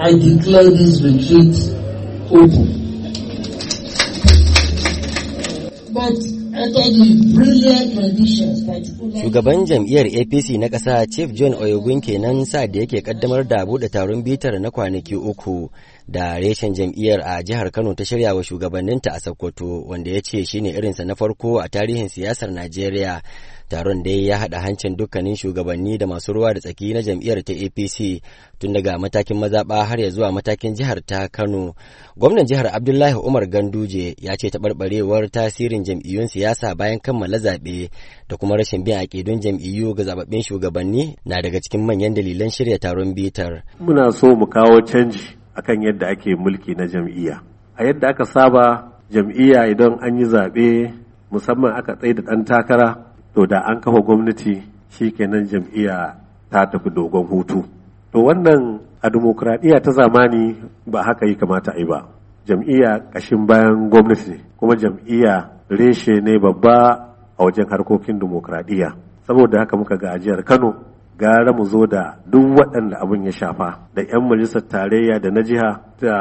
I declare this retreat open. But Shugaban jam'iyyar APC na ƙasa Chief John oyogun kenan sa da yake kaddamar da buɗe taron bitar na kwanaki uku da reshen jam'iyyar a jihar Kano ta shirya wa shugabanninta a Sokoto wanda ya ce shine irinsa na farko a tarihin siyasar Najeriya. Taron dai ya haɗa hancin dukkanin shugabanni da masu ruwa da tsaki na jam'iyyar ta APC tun daga matakin mazaɓa har ya zuwa matakin jihar ta Kano. Gwamnan jihar Abdullahi Umar Ganduje ya ce taɓarɓarewar tasirin jam'iyyun siyasa siyasa bayan kammala zaɓe da kuma rashin bin aƙidun jam'iyyu ga zababbin shugabanni na daga cikin manyan dalilan shirya taron bitar. Muna so mu kawo canji akan yadda ake mulki na jam'iyya. A yadda aka saba jam'iyya idan an yi zaɓe musamman aka tsaye da ɗan takara to da an kafa gwamnati shi kenan jam'iyya ta tafi dogon hutu. To wannan a dimokuraɗiyya ta zamani ba haka yi kamata a yi ba. jam'iyya ƙashin bayan gwamnati kuma jam'iyya reshe ne babba a wajen harkokin demokradiyya saboda haka muka ga ajiyar kano gara mu zo da duk waɗanda abin ya shafa da 'yan majalisar tarayya da na jiha da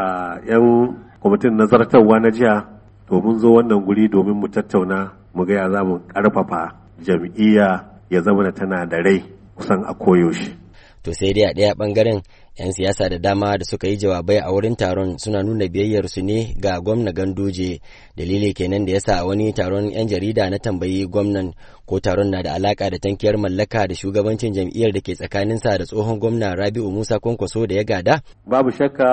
'yan kwamitin nazartarwa na jiha domin zo wannan guri domin mu tattauna mu gaya za mu ƙarfafa jam'iyya ya zama tana da rai kusan a koyaushe. to sai dai a ɗaya ɓangaren 'yan siyasa da dama da suka yi jawabai a wurin taron suna nuna biyayyarsu ne ga gwamna ganduje dalili kenan da yasa wani taron 'yan jarida na tambayi gwamnan ko taron na da alaka da tankiyar mallaka da shugabancin jam'iyyar da ke tsakaninsa da tsohon gwamna rabi'u musa kwankwaso da ya gada babu shakka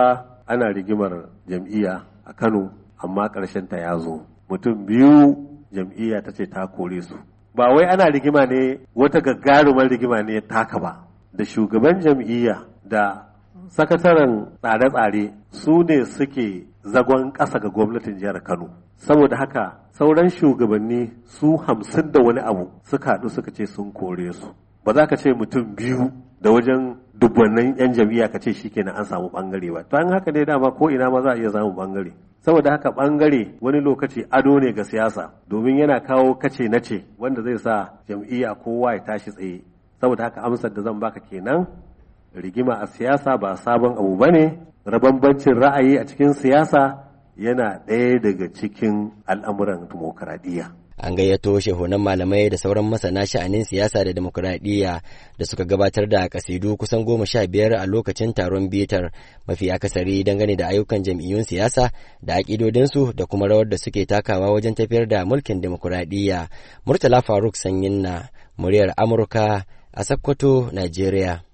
ana rigimar jam'iyya a kano amma ƙarshen ta ya zo mutum biyu jam'iyya ta ce ta kore su ba wai ana rigima ne wata gagarumar rigima ne taka ba da shugaban jam'iyya da sakataren tsare-tsare su ne suke zagon ƙasa ga gwamnatin jihar Kano. Saboda haka sauran shugabanni su hamsin da wani abu suka haɗu suka ce sun kore su. Ba za ka ce mutum biyu da wajen dubbannin 'yan jam'iyya ka ce shi kenan an samu ɓangare ba. To an haka ne dama ko ina ma za a iya samun ɓangare. Saboda haka ɓangare wani lokaci ado ne ga siyasa domin yana kawo kace na ce wanda zai sa jam'iyya kowa ya tashi tsaye saboda haka amsar da zan baka kenan rigima a siyasa ba sabon abu ba ne rabambancin ra'ayi a cikin siyasa yana ɗaya daga cikin al'amuran dimokuraɗiyya. an gayyato shehunan malamai da sauran masana sha'anin siyasa da demokuraɗiyya da suka gabatar da kasidu kusan goma sha biyar a lokacin taron bitar mafi akasari dangane da ayyukan jam'iyyun siyasa da aƙidodinsu da kuma rawar da suke takawa wajen tafiyar da mulkin demokuraɗiyya murtala faruk sanyin na muryar amurka a Sokoto, Najeriya.